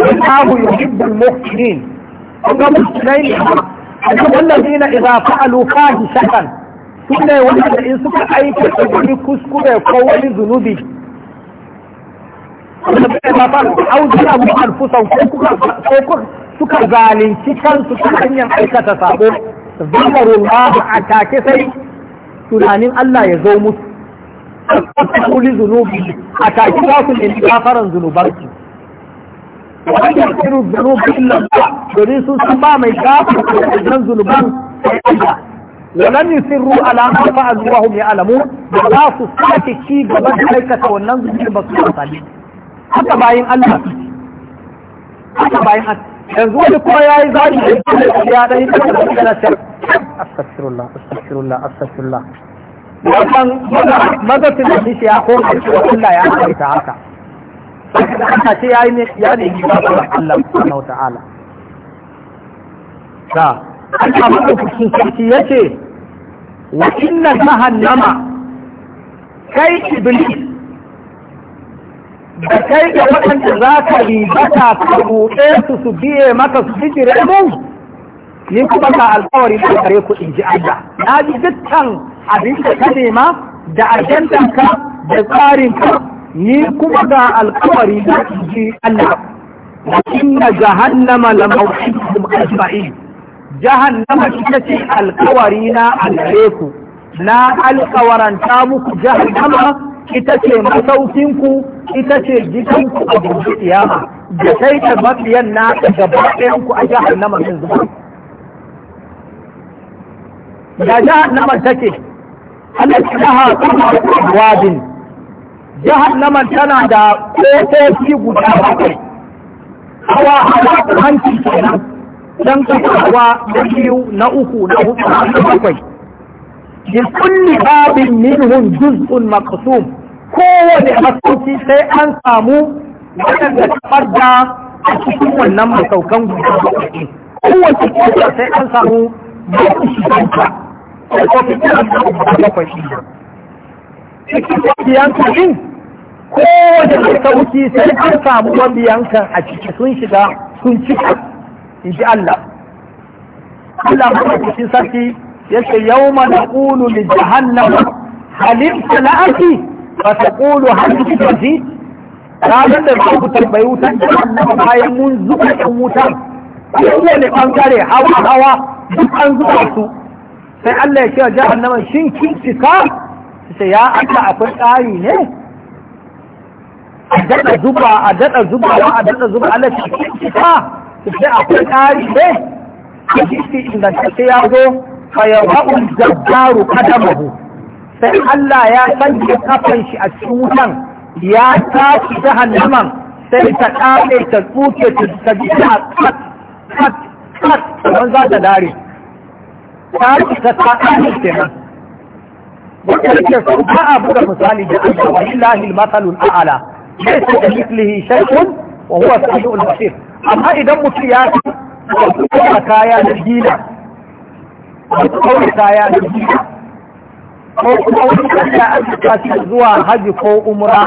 والله يحب المحسنين وقبل الذين إذا فعلوا فاحشة su ne wanda in suka aikata wani kuskure ko wani zunubi suka zalunci kansu ta hanyar aikata sabo zamaru ma a take sai tunanin Allah ya zo musu kuli zunubi a take za su ne gafaran zunubarsu wani ya irin zunubi illa domin sun san ba mai gafaran zunuban sai ولم يسروا على ما فعلوا وهم يعلمون ba su sake ci gaba aikata wannan zuciyar ba su amfani haka bayan Allah haka bayan Allah yanzu wani kuma ya yi zaɓi da ya ɗan yi kasa da yana shar astagfirullah astagfirullah astagfirullah wannan mazatin da shi ya koma Allah ya haɗa haka haka ce ya yi ne ya ne ba Allah subhanahu wa ta'ala da Allah sarki ya ce wa inna jahannama kai iblis da kai da waɗanda za ka ribata ka buɗe su su biye maka su fi mu ni kuma ka alkawari da kare ku in ji Allah na ji dukkan abin da ka nema da ajandan ka da tsarin ka ni kuma ga alkawari da in ji Allah lakin jahannama la mawqifum ajma'in jahannama ita ce alkawari na alheku na alkawaranta muku jahannama ita ce masaukinku ita ce gidanku a gobe tsiyama da sai ta mafiyan na gaba ɗayanku a jahannama min zuwa da jahannama take Allah ta laha kuma wadin jahannama tana da kofofi guda bakwai hawa hawa hanci kenan dan fitowa na biyu na uku na hudu na bakwai bi kulli babin minhum juz'un maqsum kowane masauki sai an samu wadanda ta farda a cikin wannan masaukan guda bakwai kowace kota sai an samu masu shiganta ko fitar da bakwai shi cikin mabiyanka din kowace masauki sai an samu mabiyanka a ciki sun shiga sun cika in ji Allah Allah madaukakin sarki yace yawma naqulu li jahannam ba ta fa halitta hal ibtala'ati ranar da za ku tambayi wutan jahannam bayan mun zuba ɗan wutan ne ɓangare hawa hawa duk an zuba su sai Allah ya ce wa jahannama shi kin cika sai ya aka akwai tsari ne a daɗa zuba a daɗa zuba a daɗa zuba Allah ya kin cika sai akwai tsari ne a jiki ingantacce ya zo fayawa'un jabbaru kadamahu sai Allah ya sanya kafan shi a cikin wutan ya tashi ta hannaman sai ta ƙafe ta tsuke ta ji ta kat kat kat kamar za ta dare ta ci ta ta ƙafe kenan wanda yake so ba a buga misali da Allah wa lillahi al-masalul a'la laysa ka mithlihi shay'un wa huwa as basir amma idan mutum ya ci kaya da gina da kawai kaya da gina ko kuma wani kaya a zuwa haji ko umra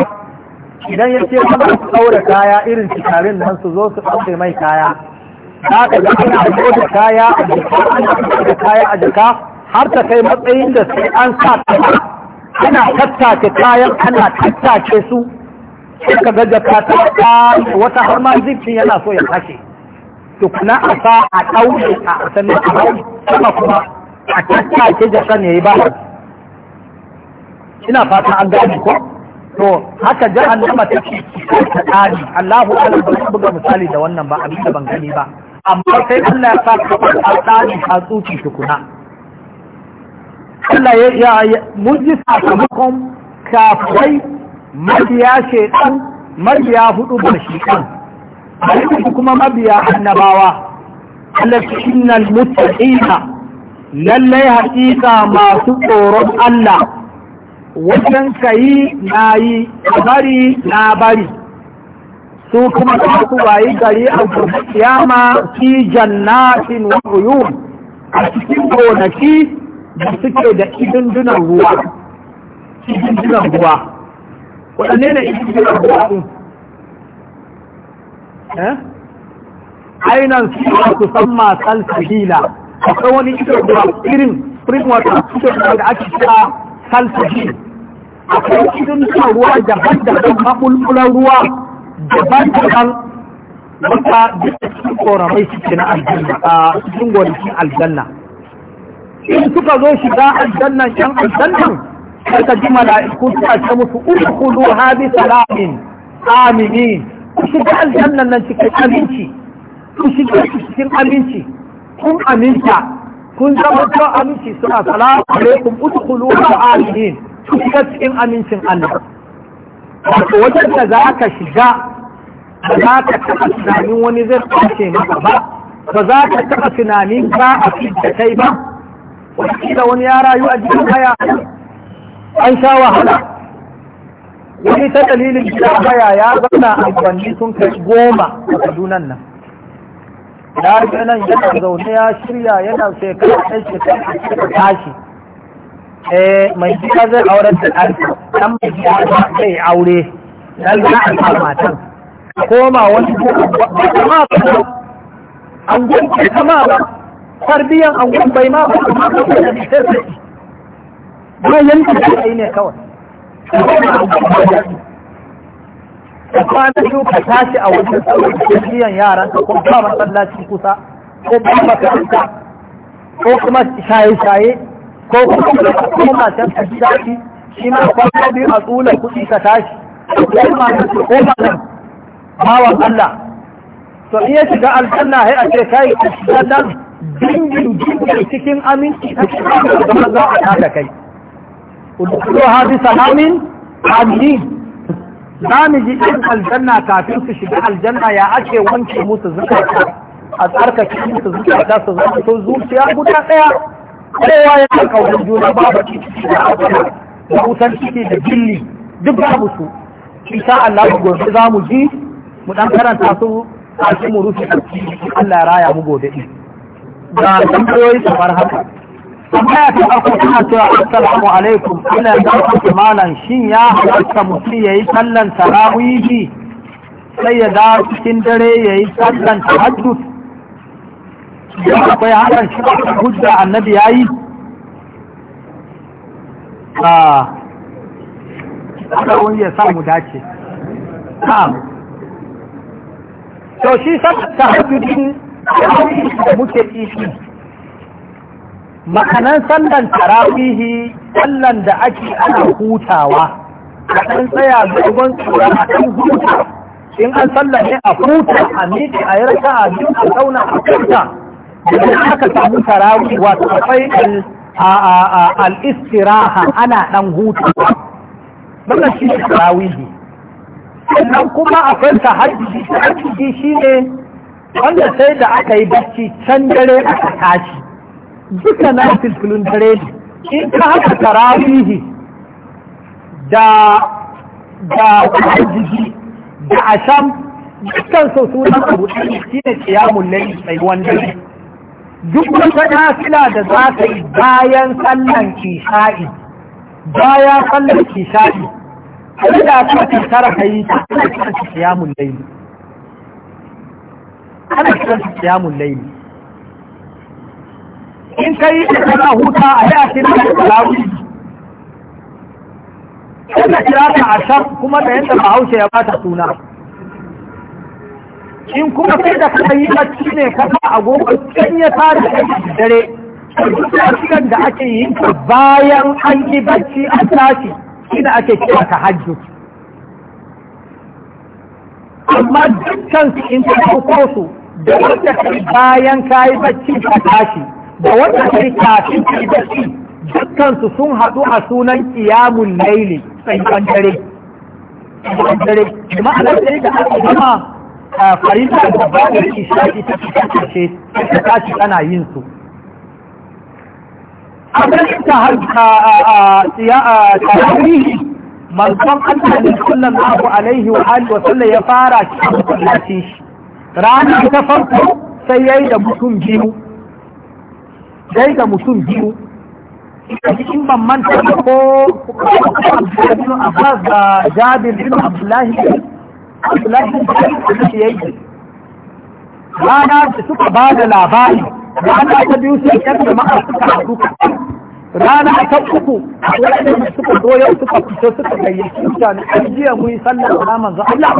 idan ya ce kuma su ɗaura kaya irin cikarin nan su zo su ɗauke mai kaya za ka ga ana zo da kaya a jika da kaya a jika har ta kai matsayin da sai an sa kaya ana tattace kayan ana tattace su suka ga jaka ta wata har ma zikin yana so ya kashe to kuna a sa a ɗaure a sannan a hau sama kuma a ke jaka ne ya ba ina fata an gani ko to haka jahannama ta ta tsari Allahu alam ba buga misali da wannan ba abin da ban gani ba amma sai Allah ya sa ka a tsari a tsuki tukuna Allah ya mun ji sakamakon kafirai mabiya ce shaitan mabiya hudu ba shaitan a kuma mabiya annabawa allafi innal lallai haƙiƙa masu tsoron Allah wajen kayi na yi bari na bari su kuma za su bayi gari a kiyama fi jannatin wa uyun a cikin gonaki da suke da idundunan ruwa waɗanne ne ita cikin abubuwan eh? ainihin suna su san masal sahila akwai wani ita ruwa irin spring water ita da ake kira sal A akwai irin suna ruwa daban-daban maɓulɓulan ruwa daban-daban wata duka cikin ƙoramai suke na aljanna a cikin gwanikin aljanna in suka zo shiga aljannan yan aljannan ka ji mala'iku a ce musu udkhulu hadi salamin aminin ku shiga aljannan nan cikin aminci ku shiga cikin aminci kun aminta kun zama ko aminci su suna salamu alaikum udkhulu aminin ku shiga cikin amincin Allah wato wajen da za ka shiga ba za ka taɓa tunanin wani zai kwace maka ba ba za ka taɓa tunanin ba a fi da kai ba wata wani yara rayu a jikin haya an sha wahala wani ta dalilin gida baya ya zauna gwanni sun kai goma a kadunan nan ya rike nan yana zaune ya shirya yana shekara ɗan shekara tashi eh mai gida zai auren da ɗan ɗan mai gida zai aure ɗan za a sa matan koma wani kuma an ba kama ba tarbiyan an gwan bai ma ba kuma ba da fitar da bayan da suka yi ne kawai ka kwana biyu ka tashi a wajen biyan yaran ko ba masallaci kusa ko ba makaranta ko kuma shaye-shaye ko kuma kuma can ka shafi shi ma kwana biyu a tsula kuɗi ka tashi ko ma ko ba nan bawan Allah to iya shiga aljanna sai a ce kai ka shiga nan dingin dingin cikin aminci ta shiga da za a kai udkhuluha bi salamin amin zamu ji in aljanna kafin su shiga aljanna ya ake wanke musu zakata a tsarkake musu zakata su zama to zuciya guda daya kowa ya kan kaunar juna babu ciki da asali da wutan ciki da gilli duk babu su insha Allah gobe za mu ji mu dan karanta su a cikin rufi Allah ya raya mu gobe din da tambayoyi kamar haka tambaya ta farko cewa assalamu alaikum ya halatta mutum yayi sallan tarawihi sai ya dare yayi sallan tahajjud ya akwai hakan shi hujja annabi yayi ah, wani ya samu da muke kishi ma'anan sallan tarawihi sallan da ake ana hutawa a ɗan tsaya dogon tsura a ɗan huta in an sallan ne a huta a miƙe a yarda a biyu a zauna a huta idan aka samu tarawih wato akwai al ana ɗan hutawa wannan shi ne tarawihi sannan kuma akwai tahajjudi tahajjudi shi ne wanda sai da aka yi bacci can dare aka tashi duka na filfilin dare ne in ka haka tarafihi da da wajibi da asham dukkan sau sunan abu ɗaya shi ne kiyamun laili mai wanda duk wata nafila da za ta yi bayan sallan kisha'i bayan sallan kisha'i yi da tara ka yi ta kiyamun laili ana kiyamun laili in ka yi da kana huta a yi a kira da talawi yadda kira ta a shaf kuma da yadda haushe ya bata suna in kuma sai da ka yi bacci ne ka sa agogo can ya tare da dare cikin da ake yi bayan an yi bacci a tashi ina ake kira ta hajji amma dukkan su in ka ɗauko su da wanda bayan ka yi bacci ka tashi da wata ta yi kafin ta yi dukkansu sun haɗu a sunan kiyamun laili tsayuwan dare dare kuma a lantarki da aka gama farisa da bayan isha'i ta fita kashe ta tashi ana yin su abin ta har tarihi manzon Allah ne sallallahu alaihi wa alihi wa sallam ya fara shi cikin shi. Rana ta farko sai ya yi da mutum biyu dai ga mutum biyu in ban manta ko a Abbas da Jabir bin Abdullahi Abdullahi da yayi rana da suka ba da labari rana ta biyu sai yan jama'a suka haɗu rana ta uku waɗanda suka doya suka fito suka gayyaci mutane an jiya mun yi sallar rana manzo Allah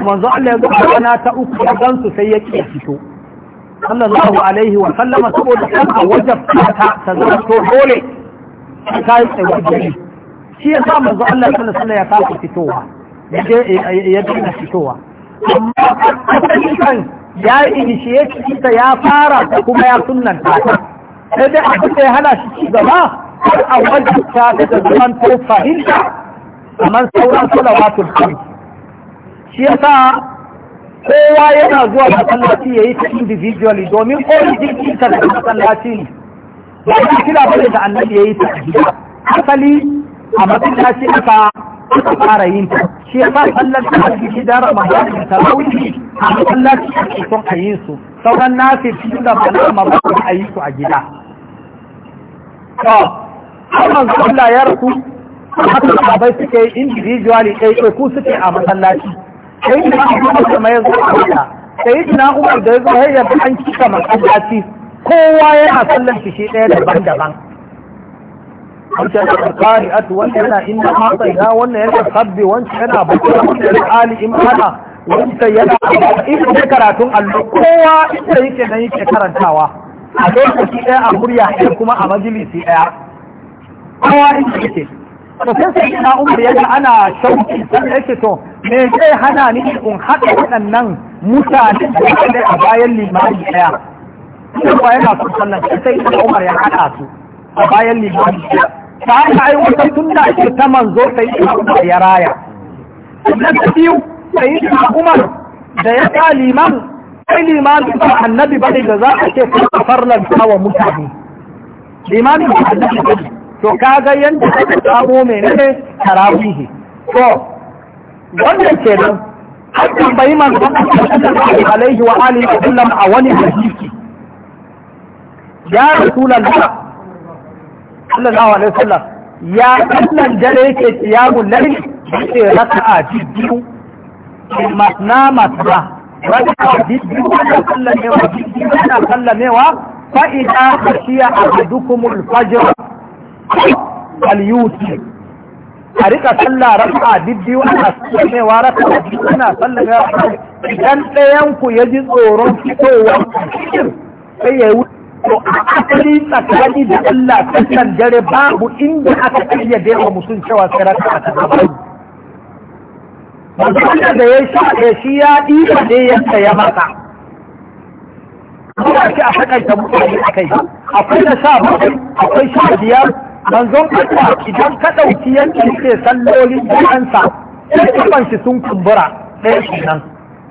manzo Allah ya zo rana ta uku ya gansu sai ya ƙi fito sallallahu alaihi wa sallama saboda kan a wajabta ta ta zama to dole ka yi tsawon gari shi ya sa manzo Allah sallallahu alaihi ya kafa fitowa ya daina fitowa amma kasance kan ya yi shi ita ya fara kuma ya sunanta ta sai dai a da ya hana shi ci gaba har a wajabta ta da zama to fahimta kamar sauran salawatul khamsa shi ya sa kowa yana zuwa masallaci ya yi ta individually domin origin ɗinka daga masallaci ne ba a kira bane da annabi ya yi ta gida asali a masallaci aka aka fara yin ta shi ya sa sallar ta ake gida ramadan da tarawih a masallaci a son a yi su sauran nafi shi da bala ma ba a yi su a gida to har Allah ya rasu haka sahabbai suke individually ɗaya ku suke a masallaci sai ina umar da zuwa sai ina da zuwa ya ga an cika masallaci kowa yana sallan shi shi ɗaya daban-daban wancan da kari atu wannan yana inda mata ina wannan yana sabbi wancan yana wancan yana ali wancan yana ina da karatun allo kowa ita yake nan yake karantawa a lokaci ɗaya a murya ɗaya kuma a majalisi ɗaya kowa ita yake to sai sai ina umar yana ana shauki sai yake to me zai hana ni in haɗa waɗannan mutane da a bayan limani ɗaya sai kuwa yana son sallan sai ina umar ya haɗa su a bayan limani ɗaya ta haka ai wata sunna ake ta manzo sai ita umar ya raya sannan ta biyu sai ita umar da ya sa liman sai liman ba annabi ba ne da za a ce kuma farlanta wa mutane Limani ba annabi ba ne to kaga yanda ka samo menene tarawihi to wannan kenan har tambayi man alaihi wa alihi wa sallam a wani hadisi ya rasulullah sallallahu alaihi wasallam ya sallan dare yake qiyamul layl yake raka'a biyu masna masna raka'a biyu da sallamewa biyu da sallamewa fa idza ahadukum al-fajr al-yusuf a rika sallah raka'a bibbiyu ana sallamewa raka'a biyu ana sallamewa raka'a idan ɗayan ku ya ji tsoron fitowa sai ya wuce to a asali tsakani da Allah sallan dare babu inda aka kayyade daina mutum cewa sai raka'a ta gaba Wanda da ya sha shi ya ɗiba ne yadda ya mata. Kuma shi a haƙaita mutane a kai, akwai na sha bakwai, akwai sha biyar, manzon Allah idan ka ɗauki yadda ce sallolin jiransa sai kafan shi sun kumbura ɗaya kenan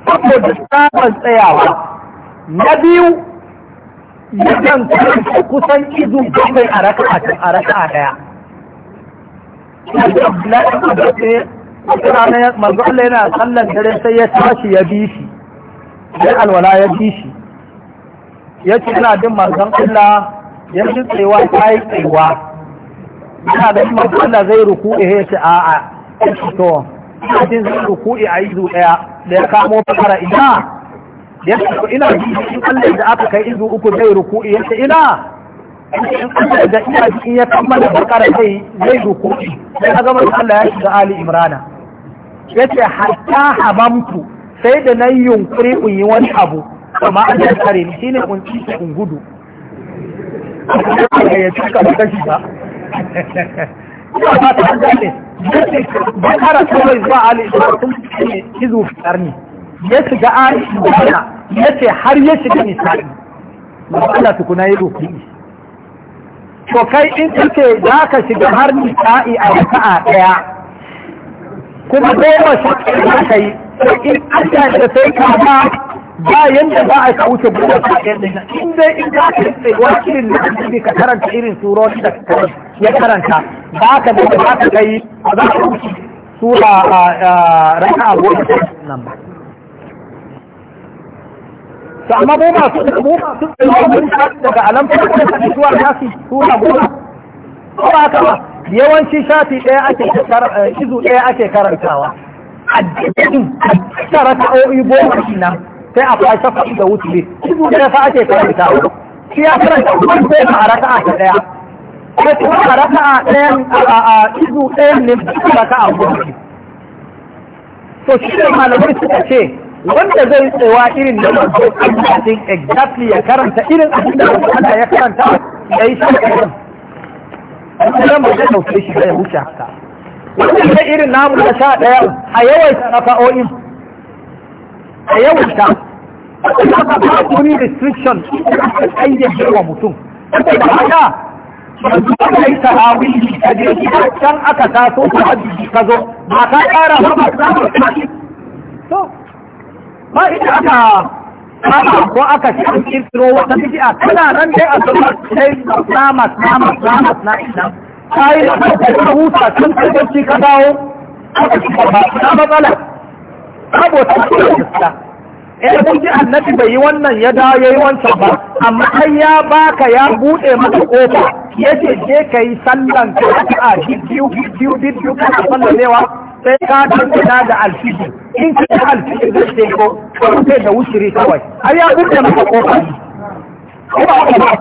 saboda tsaban tsayawa na biyu yakan kusa kusan izu bakwai a raka'a a raka'a ɗaya manzo Allah yana sallan dare sai ya tashi ya bi shi sai alwala ya bi shi ya ce ina jin manzon Allah ya ji tsayuwa ta yi tsayuwa ina ga imam Allah zai ruku'i ya ce a to jin zai ruku'i a izu daya da ya kamo fara ina ya ce ina in Allah da aka kai izu uku zai ruku'i ya ce ina in Allah da ina in ya kammala bakara zai zai ruku'i sai ga manzo Allah ya shiga Ali Imrana yace hatta habamtu sai da nan yunkuri in yi wani abu amma an tare ni shine kun ci in gudu ya ka ba kashi ba ina ba ta gane kawai zuwa sun izu ya ya ce har ya shiga misali ba tukuna ya to kai in kake za ka shiga har nisa'i a a ɗaya kuma goma sha ɗaya za ka yi in Allah da sai ka ba ba yanda ba a kauce buɗe kaɗan da. in dai in ka ce tsayuwa irin na ka karanta irin surori da ya karanta ba ka da ba ka kai ba za ka wuce sura raka a goma nan ba to amma mu ba su mu ba su tsayuwa mun daga alamfar da ta zuwa nasi sura goma ko ba haka ba yawanci shafi ɗaya ake eh, izu ɗaya ake karantawa addinin ta raka'o'i goma nan sai a fa shafa'i da wutuli dubu da fa ake karanta shi ya da kuma sai a raka'a ta daya sai kuma a raka'a ɗayan a izu ɗayan ne a raka'a gudu to shi ne malamai suka ce wanda zai tsewa irin da masu ɗin exactly ya karanta irin abin da Allah ya karanta ya yi shi ɗayan ɗayan ba zai ɗauke shi ya wuce haka wanda irin namu da sha ɗayan a yawaita rafa'o'in a ta ba ba kuri restriction yi wa mutum da haka yanzu ba ka yi can aka taso ta hajji ka zo ba ka ƙara ba ba za ka So, ba ita aka ko aka shi an kirkiro wata bidi'a tana nan dai a zama sai namas namas namas na ina ta yi da ta huta tun ta bacci ka dawo aka shi ba matsala babu wata gaskiya eh kun ji annabi bai yi wannan ya dawo ya yi wancan ba amma ai ya baka ya buɗe maka kofa yace je ka yi sallan ka a biyu biyu biyu ka sallamewa sai ka tabbata da alfiji in ka yi alfiji da ce ko rufe da wushiri kawai har ya buɗe maka kofa ko ba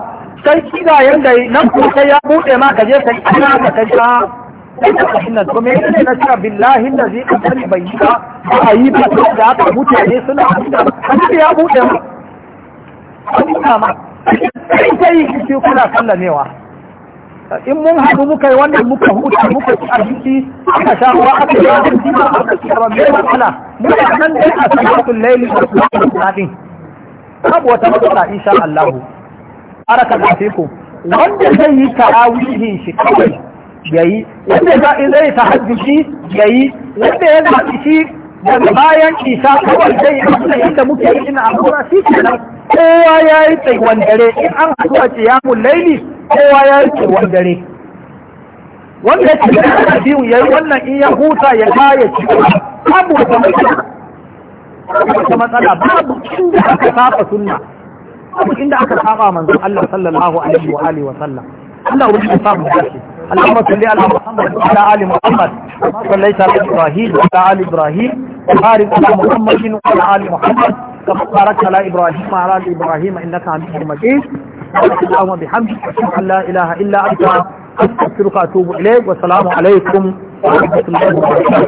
sai kida yanda nan kuma sai ya buɗe maka je ka yi ana ka kai ka nan to me yake na cewa billahi allazi qadari bai ba a yi ba da aka mutane suna da hanci ya bude mu ina ma sai sai shi kula sallamewa in mun haɗu muka yi wannan muka huta muka ci abinci aka sha ruwa aka yi wajen jima aka ci gaba mai matsala muka nan dai a salatul laili da salatul nadin babu wata matsala insha Allah baraka da fiku wanda zai yi tarawihin shi kawai yayi wanda ya zai tahajjudi yayi wanda ya zaɓi shi daga bayan isa kawai zai yi abin da yadda muke yi ina abura shi kenan kowa ya yi tsaiwan dare in an haɗu a ciyamun laili kowa ya yi tsaiwan dare wanda ya ci da biyu ya yi wannan in ya huta ya ga ya ci babu wata matsala babu inda aka saba sunna babu inda aka saba manzon Allah sallallahu alaihi wa alihi wa sallam Allah wani ya samu dace اللهم صل على محمد وعلى ال محمد كما صليت على ابراهيم وعلى ال ابراهيم وبارك على محمد وعلى ال محمد كما باركت على ابراهيم وعلى ال ابراهيم انك حميد مجيد اللهم بحمدك اشهد ان لا اله الا انت استغفرك واتوب اليك والسلام عليكم ورحمه الله وبركاته